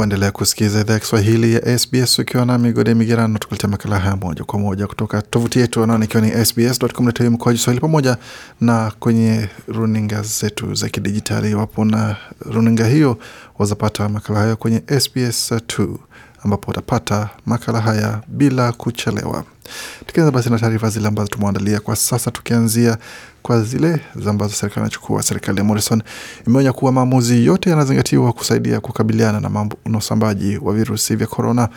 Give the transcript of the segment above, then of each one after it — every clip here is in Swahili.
waendelea kusikiliza idhaa ya Kiswahili ya SBS ukiwa na migode migerano, tukuletea makala haya moja kwa moja kutoka tovuti yetu anaoni ikiwa ni sbs.com.au mkoaji swahili, pamoja na kwenye runinga zetu za kidijitali. Iwapo na runinga hiyo, wazapata makala hayo kwenye SBS 2 ambapo utapata makala haya bila kuchelewa. Tukianza basi na taarifa zile ambazo tumeandalia kwa sasa, tukianzia kwa zile ambazo serikali inachukua. Serikali ya Morrison imeonya kuwa maamuzi yote yanazingatiwa kusaidia kukabiliana na mambo na usambaji wa virusi vya korona.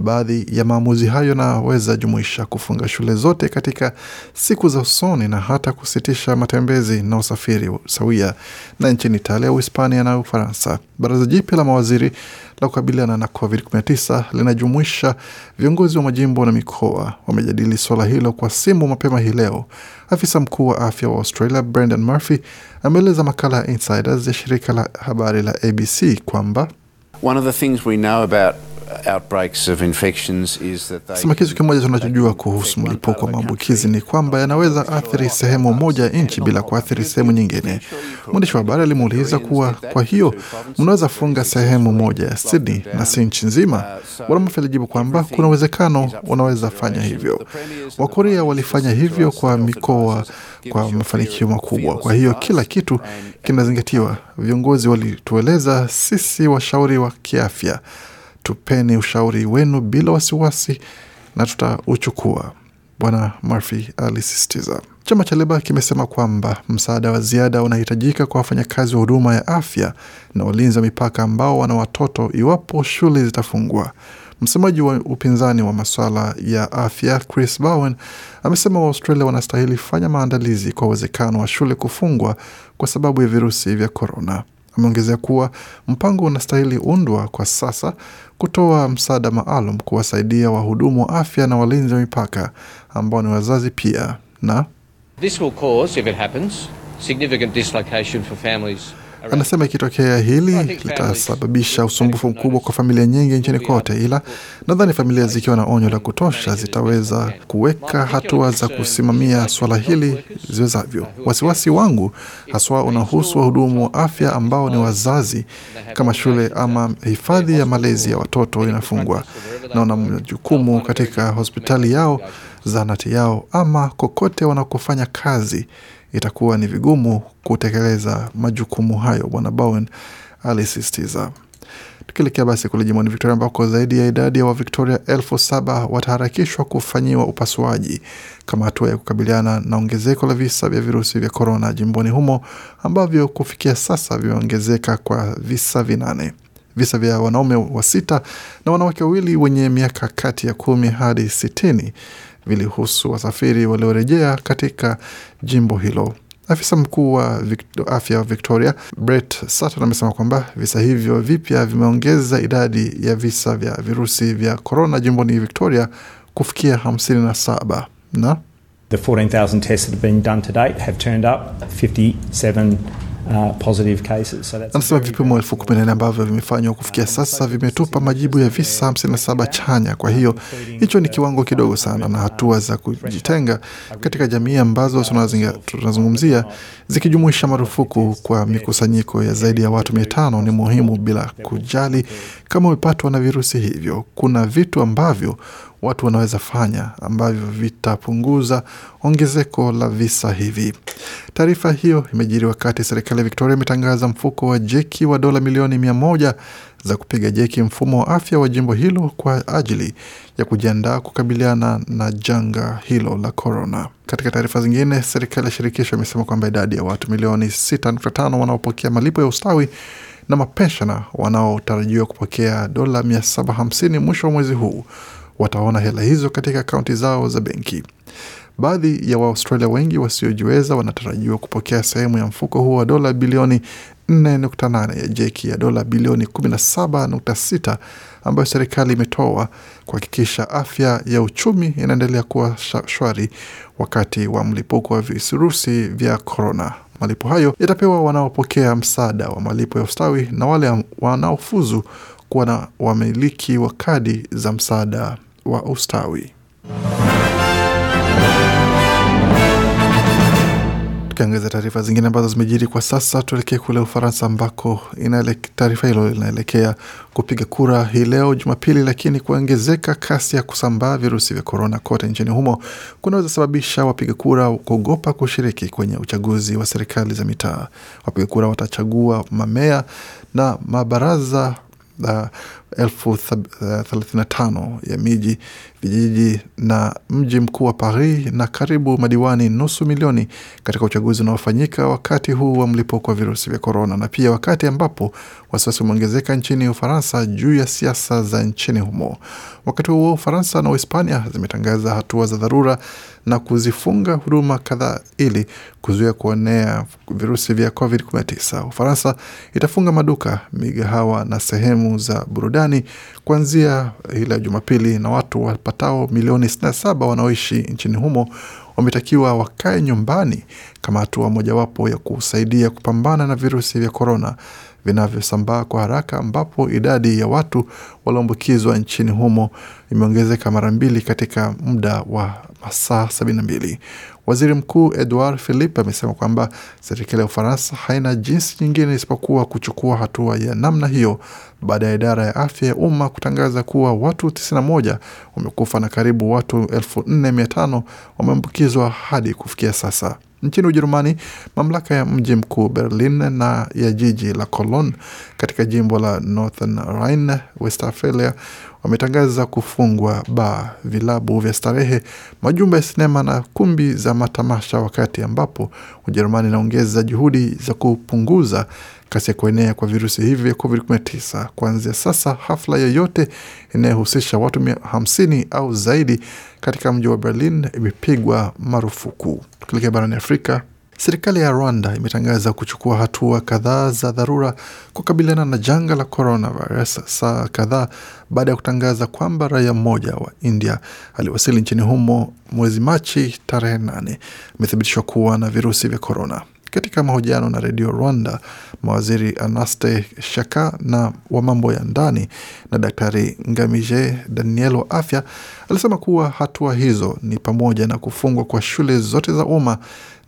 Baadhi ya maamuzi hayo yanaweza jumuisha kufunga shule zote katika siku za usoni na hata kusitisha matembezi na usafiri sawia na nchini Italia, Uhispania na Ufaransa. Baraza jipya la mawaziri la kukabiliana na COVID-19 linajumuisha viongozi wa majimbo na mikoa wame amejadili suala hilo kwa simu mapema hii leo. Afisa mkuu wa afya wa Australia Brendan Murphy ameeleza makala ya Insiders ya shirika la habari la ABC kwamba One of the things we know about Sema kitu kimoja tunachojua kuhusu mlipuko wa maambukizi ni kwamba yanaweza athiri sehemu moja ya nchi bila kuathiri sehemu nyingine. Mwandishi wa habari alimuuliza kuwa, kwa hiyo mnaweza funga sehemu moja ya Sydney na si nchi nzima? Bwana uh, alijibu kwamba kuna uwezekano unaweza fanya hivyo. Wakorea walifanya hivyo kwa mikoa kwa mafanikio makubwa. Kwa hiyo kila kitu kinazingatiwa. Viongozi walitueleza sisi washauri wa kiafya tupeni ushauri wenu bila wasiwasi na tutauchukua, Bwana Murphy alisisitiza. Chama cha Leba kimesema kwamba msaada wa ziada unahitajika kwa wafanyakazi wa huduma ya afya na ulinzi wa mipaka ambao wana watoto iwapo shule zitafungwa. Msemaji wa upinzani wa masuala ya afya Chris Bowen amesema Waaustralia wanastahili fanya maandalizi kwa uwezekano wa shule kufungwa kwa sababu ya virusi vya korona. Ameongezea kuwa mpango unastahili undwa kwa sasa kutoa msaada maalum kuwasaidia wahudumu wa afya na walinzi wa mipaka ambao ni wazazi pia, na This will cause, if it happens, significant dislocation for families. Anasema ikitokea hili litasababisha usumbufu mkubwa kwa familia nyingi nchini kote, ila nadhani familia zikiwa na onyo la kutosha zitaweza kuweka hatua za kusimamia swala hili ziwezavyo. Wasiwasi wangu haswa unahusu wahudumu wa afya ambao ni wazazi. Kama shule ama hifadhi ya malezi ya watoto inafungwa, naona majukumu katika hospitali yao zahanati yao ama kokote wanakofanya kazi, itakuwa ni vigumu kutekeleza majukumu hayo, Bwana Bowen alisisitiza. Tukielekea basi kule jimboni Victoria ambako zaidi ya idadi ya Wavictoria elfu saba wataharakishwa kufanyiwa upasuaji kama hatua ya kukabiliana na ongezeko la visa vya virusi vya korona jimboni humo ambavyo kufikia sasa vimeongezeka kwa visa vinane. Visa vya wanaume wa sita na wanawake wawili wenye miaka kati ya kumi hadi sitini vilihusu wasafiri waliorejea katika jimbo hilo. Afisa mkuu wa afya Victoria Brett Sutton amesema kwamba visa hivyo vipya vimeongeza idadi ya visa vya virusi vya korona jimboni Victoria kufikia 57 na The Uh, Anasema vipimo elfu kumi na nne ambavyo vimefanywa kufikia um, sasa vimetupa majibu ya visa 57 chanya. Kwa hiyo hicho ni kiwango kidogo sana, na uh, hatua za kujitenga katika jamii ambazo tunazungumzia zikijumuisha marufuku kwa mikusanyiko ya zaidi ya watu mia tano ni muhimu, bila kujali kama umepatwa na virusi hivyo. Kuna vitu ambavyo watu wanaweza fanya ambavyo vitapunguza ongezeko la visa hivi. Taarifa hiyo imejiri wakati serikali ya Viktoria imetangaza mfuko wa jeki wa dola milioni mia moja za kupiga jeki mfumo wa afya wa jimbo hilo kwa ajili ya kujiandaa kukabiliana na janga hilo la korona. Katika taarifa zingine, serikali ya shirikisho imesema kwamba idadi ya watu milioni 6.5 wanaopokea malipo ya ustawi na mapenshana wanaotarajiwa kupokea dola 750 mwisho wa mwezi huu wataona hela hizo katika akaunti zao za benki. Baadhi ya Waaustralia wengi wasiojiweza wanatarajiwa kupokea sehemu ya mfuko huo wa dola bilioni 4.8 ya jeki ya dola bilioni 17.6 ambayo serikali imetoa kuhakikisha afya ya uchumi inaendelea kuwa shwari wakati wa mlipuko wa virusi vya korona. Malipo hayo yatapewa wanaopokea msaada wa malipo ya ustawi na wale wanaofuzu kuwa na wamiliki wa kadi za msaada wa ustawi. Tukiangazia taarifa zingine ambazo zimejiri kwa sasa, tuelekee kule Ufaransa ambako taarifa hilo linaelekea kupiga kura hii leo Jumapili, lakini kuongezeka kasi ya kusambaa virusi vya korona kote nchini humo kunaweza sababisha wapiga kura kuogopa kushiriki kwenye uchaguzi wa serikali za mitaa. Wapiga kura watachagua mamea na mabaraza 那 elfu thelathini na tano ya miji, vijiji na mji mkuu wa Paris na karibu madiwani nusu milioni katika uchaguzi unaofanyika wakati huu wa mlipuko wa virusi vya korona, na pia wakati ambapo wasiwasi umeongezeka nchini Ufaransa juu ya siasa za nchini humo. Wakati huo Ufaransa na Uhispania zimetangaza hatua za dharura na kuzifunga huduma kadhaa ili kuzuia kuenea virusi vya COVID-19. Ufaransa itafunga maduka, migahawa na sehemu za burudani Marekani kuanzia ile eh, Jumapili, na watu wapatao milioni 67 wanaoishi nchini humo wametakiwa wakae nyumbani kama hatua mojawapo ya kusaidia kupambana na virusi vya korona vinavyosambaa kwa haraka, ambapo idadi ya watu walioambukizwa nchini humo imeongezeka mara mbili katika muda wa masaa 72. Waziri Mkuu Edouard Philippe amesema kwamba serikali ya Ufaransa haina jinsi nyingine isipokuwa kuchukua hatua ya namna hiyo baada ya idara ya afya ya umma kutangaza kuwa watu 91 wamekufa na karibu watu 4500 wameambukizwa hadi kufikia sasa. Nchini Ujerumani, mamlaka ya mji mkuu Berlin na ya jiji la Cologne katika jimbo la Northern Rhine Westphalia wametangaza kufungwa baa, vilabu vya starehe, majumba ya sinema na kumbi za matamasha, wakati ambapo Ujerumani inaongeza juhudi za kupunguza kasi ya kuenea kwa virusi hivi vya COVID-19. Kuanzia sasa, hafla yoyote inayohusisha watu 50 au zaidi katika mji wa Berlin imepigwa marufuku. Tukielekea barani Afrika, Serikali ya Rwanda imetangaza kuchukua hatua kadhaa za dharura kukabiliana na janga la coronavirus, saa kadhaa baada ya kutangaza kwamba raia mmoja wa India aliwasili nchini humo mwezi Machi tarehe nane amethibitishwa kuwa na virusi vya korona. Katika mahojiano na redio Rwanda, mawaziri Anaste Shaka na wa mambo ya ndani na Daktari Ngamije Daniel wa afya alisema kuwa hatua hizo ni pamoja na kufungwa kwa shule zote za umma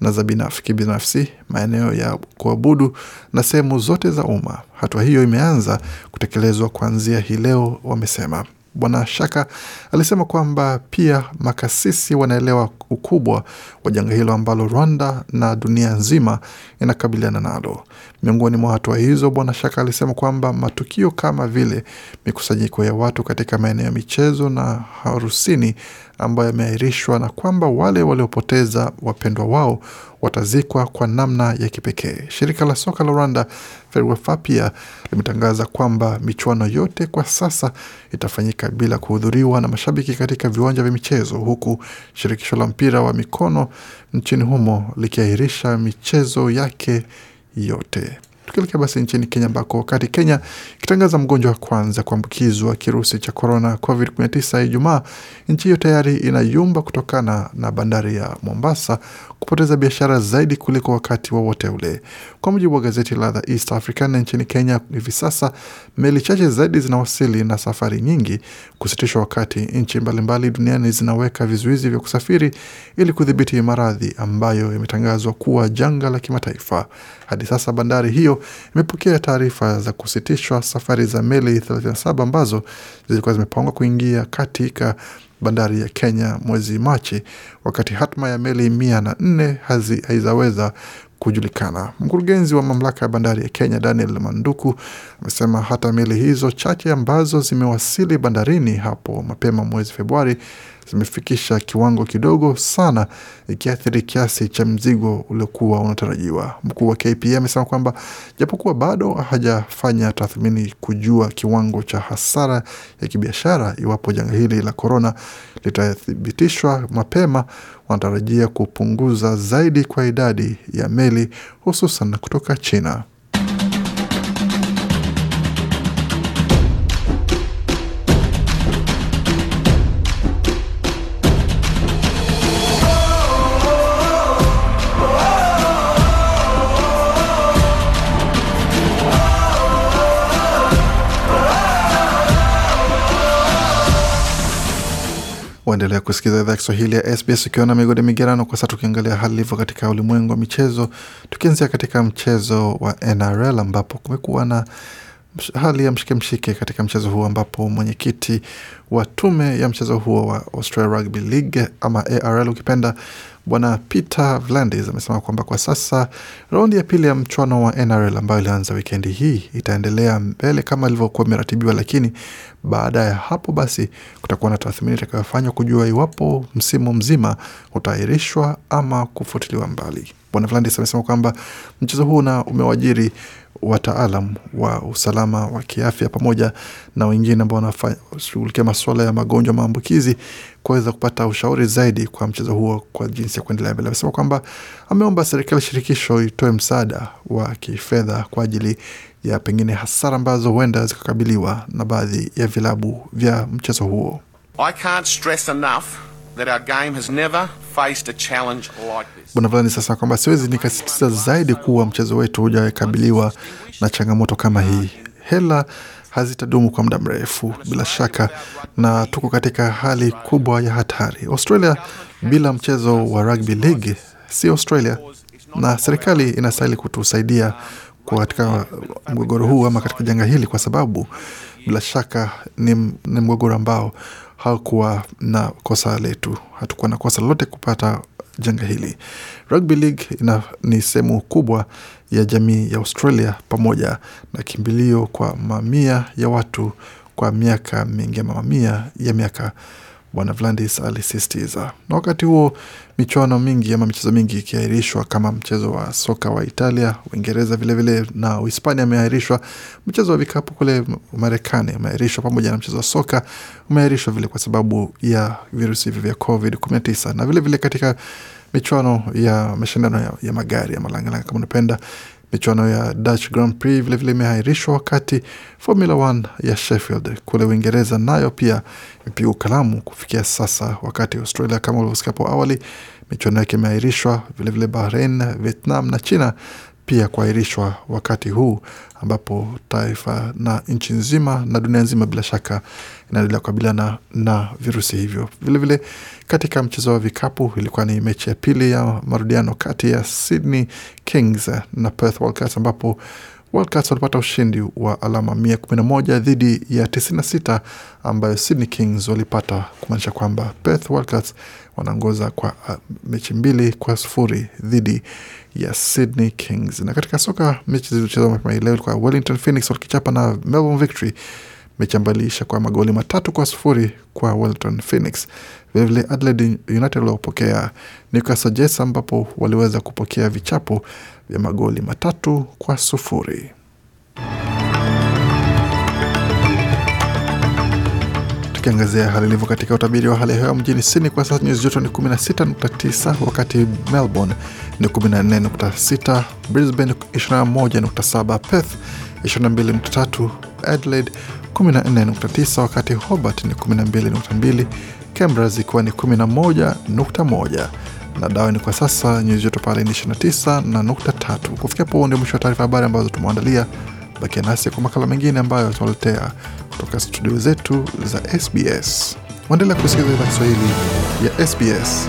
na za binafsi kibinafsi, maeneo ya kuabudu na sehemu zote za umma. Hatua hiyo imeanza kutekelezwa kuanzia hii leo, wamesema. Bwana Shaka alisema kwamba pia makasisi wanaelewa ukubwa wa janga hilo ambalo Rwanda na dunia nzima inakabiliana nalo. Miongoni mwa hatua hizo, Bwana Shaka alisema kwamba matukio kama vile mikusanyiko ya watu katika maeneo ya michezo na harusini ambayo yameahirishwa na kwamba wale waliopoteza wapendwa wao watazikwa kwa namna ya kipekee. Shirika la soka la Rwanda FERWAFA pia limetangaza kwamba michuano yote kwa sasa itafanyika bila kuhudhuriwa na mashabiki katika viwanja vya michezo, huku shirikisho la mpira wa mikono nchini humo likiahirisha michezo yake yote. Tukielekea basi nchini Kenya ambako wakati Kenya ikitangaza mgonjwa wa kwanza kuambukizwa kirusi cha corona COVID-19 Ijumaa, nchi hiyo tayari inayumba kutokana na bandari ya Mombasa kupoteza biashara zaidi kuliko wakati wowote wa ule. Kwa mujibu wa gazeti la The East African, nchini Kenya hivi sasa meli chache zaidi zinawasili na safari nyingi kusitishwa, wakati nchi mbalimbali duniani zinaweka vizuizi vya kusafiri ili kudhibiti maradhi ambayo yametangazwa kuwa janga la kimataifa. Hadi sasa bandari hiyo imepokea taarifa za kusitishwa safari za meli 37 ambazo zilikuwa zimepangwa kuingia katika bandari ya Kenya mwezi Machi, wakati hatma ya meli mia na nne haizaweza kujulikana. Mkurugenzi wa mamlaka ya bandari ya Kenya Daniel Manduku amesema hata meli hizo chache ambazo zimewasili bandarini hapo mapema mwezi Februari zimefikisha kiwango kidogo sana, ikiathiri kiasi cha mzigo uliokuwa unatarajiwa. Mkuu wa KPA amesema kwamba japokuwa bado hajafanya tathmini kujua kiwango cha hasara ya kibiashara iwapo janga hili la korona litathibitishwa mapema, wanatarajia kupunguza zaidi kwa idadi ya meli hususan kutoka China. Unaendelea kusikiliza idhaa Kiswahili ya SBS ukiwa na migodi migerano. Kwa sasa tukiangalia hali ilivyo katika ulimwengu wa michezo, tukianzia katika mchezo wa NRL ambapo kumekuwa na hali ya mshike mshike katika mchezo huo ambapo mwenyekiti wa tume ya mchezo huo wa Australia Rugby League ama ARL ukipenda, bwana Peter Vlandis amesema kwamba kwa sasa raundi ya pili ya mchuano wa NRL ambayo ilianza wikendi hii itaendelea mbele kama ilivyokuwa imeratibiwa, lakini baada ya hapo basi kutakuwa na tathmini itakayofanywa kujua iwapo msimu mzima utaahirishwa ama kufutiliwa mbali. Bwana Vlandis amesema kwamba mchezo huu na umewajiri wataalam wa usalama wa kiafya pamoja na wengine ambao wanashughulikia masuala ya magonjwa maambukizi kuweza kupata ushauri zaidi kwa mchezo huo kwa jinsi ya kuendelea mbele. Amesema kwamba ameomba serikali shirikisho itoe msaada wa kifedha kwa ajili ya pengine hasara ambazo huenda zikakabiliwa na baadhi ya vilabu vya mchezo huo. I can't stress enough Bwana Vlani sasa kwamba siwezi nikasisitiza zaidi kuwa mchezo wetu hujakabiliwa na changamoto kama hii. Hela hazitadumu kwa muda mrefu, bila shaka, na tuko katika hali kubwa ya hatari. Australia bila mchezo wa rugby league si Australia, na serikali inastahili kutusaidia katika mgogoro huu ama katika janga hili, kwa sababu bila shaka ni, ni mgogoro ambao hakuwa na kosa letu, hatukuwa na kosa lolote kupata janga hili. Rugby league ina, ni sehemu kubwa ya jamii ya Australia pamoja na kimbilio kwa mamia ya watu kwa miaka mingi ama mamia ya miaka Bwana Vlandis alisisitiza. Na wakati huo michuano mingi ama michezo mingi ikiahirishwa kama mchezo wa soka wa Italia, Uingereza vilevile na Uhispania umeahirishwa. Mchezo wa vikapu kule Marekani umeahirishwa pamoja na mchezo wa soka umeahirishwa vile kwa sababu ya virusi hivi vya COVID-19 na vilevile vile katika michuano ya mashindano ya, ya magari ya malangalanga kama unapenda Michuano ya Dutch Grand Prix vilevile imeahirishwa, wakati Formula 1 ya Sheffield kule Uingereza nayo pia imepigwa kalamu kufikia sasa, wakati Australia kama ulivyosikia hapo awali michuano yake imeahirishwa vilevile, Bahrain, Vietnam na China pia kuahirishwa wakati huu ambapo taifa na nchi nzima na dunia nzima bila shaka inaendelea kukabiliana na virusi hivyo. Vilevile vile, katika mchezo wa vikapu ilikuwa ni mechi ya pili ya marudiano kati ya Sydney Kings na Perth Wildcats ambapo Wildcats walipata ushindi wa alama 111 dhidi ya 96 ambayo Sydney Kings walipata, kumaanisha kwamba Perth Wildcats wanaongoza kwa uh, mechi mbili kwa sufuri dhidi ya Sydney Kings. Na katika soka mechi zilizochezwa mapema leo ilikuwa Wellington Phoenix walikichapa na Melbourne Victory iliisha kwa magoli matatu kwa sufuri kwa Wellington Phoenix. Vilevile Adelaide United waliopokea Newcastle Jets, ambapo waliweza kupokea vichapo vya magoli matatu kwa sufuri. Tukiangazia hali ilivyo katika utabiri wa hali ya hewa mjini Sydney kwa sasa nyuzi joto ni 16.9, wakati Melbourne ni 14.6, Brisbane 21.7, Perth 22.3, Adelaide 14.9 wakati Hobart ni 12.2, Canberra zikiwa ni 11.1 na Darwin kwa sasa nyuzi joto pale ni 29.3. Kufikia hapo ndio mwisho wa taarifa habari ambazo tumeandalia. Bakia nasi kwa makala mengine ambayo tunaletea kutoka studio zetu za SBS. Waendelea kusikiliza idhaa Kiswahili ya SBS.